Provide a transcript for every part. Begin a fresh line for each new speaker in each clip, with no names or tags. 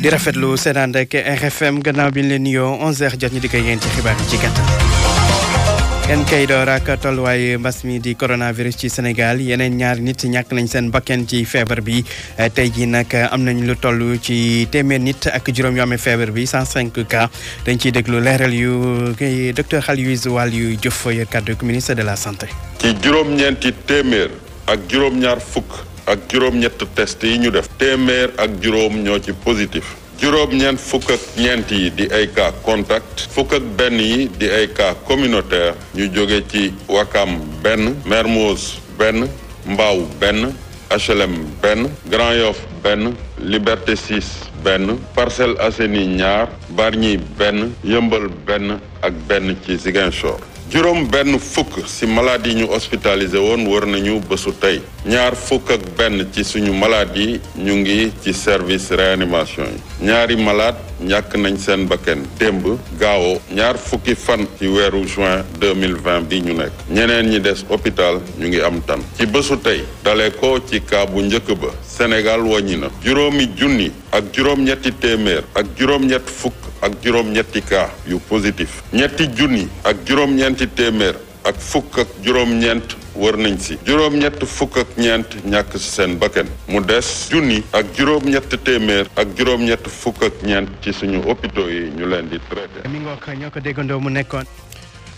di rafetlu seen ànd RFM gannaaw bi leen nuyoo 11h jot ñu di koy yéen ci xibaar ci gàttal. kenn kay door ak tolluwaay mbas mi di coronavirus ci Sénégal yeneen nit ñàkk nañ seen bakken ci feebar bi tey jii nag am nañ lu ci téeméer nit ak juróom yu amee feebar bi 105 cas dañ ciy déglu leeral yu docteur Aloyse kàddu ministre de la santé.
ci juróom-ñeenti téeméer ak juróom-ñaar fukk. ak juróom-ñett test yi ñu def téeméer ak juróom ñoo ci positif juróom ñeent yi di ay cas contact fukk benn yi di ay cas communautaire ñu jóge ci Wakam benn Mermoz benn Mbao benn HLM benn Grand Yoff benn Liberté 6 benn parcelle Assainies ñaar barñi benn Yëmbal benn ak benn ci Ziguinchor juróom benn fukk ci malade yi ñu hospitalisé woon wër nañu bésu tey ñaar fukk ak benn ci suñu malaat yi ñu ngi ci service réanimation yi ñaari malade ñàkk nañ seen bakken témb gaawo ñaar fukki fan ci weeru juin 2020 bi ñu nekk ñeneen ñi des hôpital ñu ngi am tan ci bésu tey dale ko ci kaa bu njëkk ba Sénégal wàññi na juróomi junni ak juróom-ñetti téeméer ak juróom-ñett fukk ak juróom-ñetti kaa yu positif ñetti junni ak juróom-ñeenti téeméer ak fukk ak juróom-ñeent wër nañ si juróom-ñett fukk ak ñeent ñàkk si seen bakkan mu des junni ak juróom-ñett téeméer ak juróom-ñett fukk ak ñeent ci suñu hôpitaux yi ñu leen di traité.
mi ngi ko ñoo ko déggandoo mu nekkoon.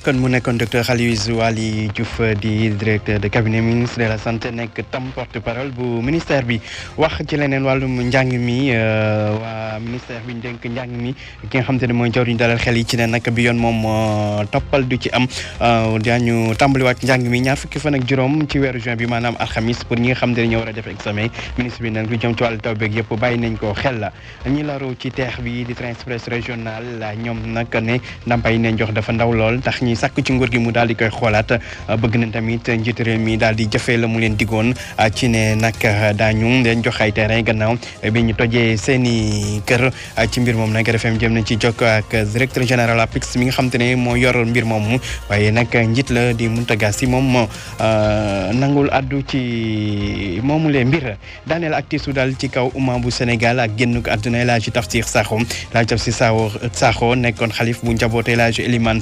kon mu nekkoon docteur Aloyse Waly Diouf di directeur de cabinet ministre de la santé nekk tam porte parole bu ministère bi wax ci leneen wàllum njàng mi euh, waa ministère bi dénk njàng mi ki nga xam te ne mooy jawriñ dalal xel yi ci ne nag bi yoon moom euh, toppal du ci am euh, daañu tàmbaliwaat njàng mi ñaar fukki fan ak juróom ci weeru juin bi maanaam alxamis pour ñi nga xam te ne ñoo war a def examen ministre bi nag lu jëm ci wàllu taw beeg yëpp bàyyi nañ ko xel la ñi laru ci teex bi di train express régional ñoom nag ne ndàmpaay yi jox dafa ndaw lool ñuy sàkk ci nguur gi mu daal di koy xoolaat euh, bëgg na tamit njiit réew mi daal di jëfee la mu leen digoon euh, ci ne nag euh, daañu leen jox ay terrain gannaaw bi ñu tojee seeni kër ci mbir moom nag RFM jëm na ci jokk ak directeur général APIX mi nga xam te ne moo yor mbir moomu waaye nag la di Mountaga Sy moom nangul addu ci moomule mbir daaneel ak tiisu ci kaw bu Sénégal ak génn ci tafsir Sakho laa tafsir Sakho nekkoon Khalif bu njaboote laa ci Eliman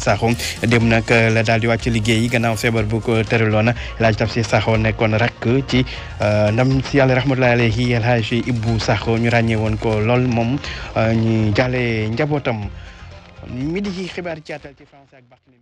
démb nag la daal di wàcc liggéey yi gannaaw feebar bu ko tëraloon laaj Tafsir Sakho nekkoon rakk ci euh, ndam si yàlla rahmatullahi alayhi El Hadji Ibou Sakho ñu ràññee woon ko lool moom euh, ñu jàllee njabootam midi xibaar ci àttal ci français ak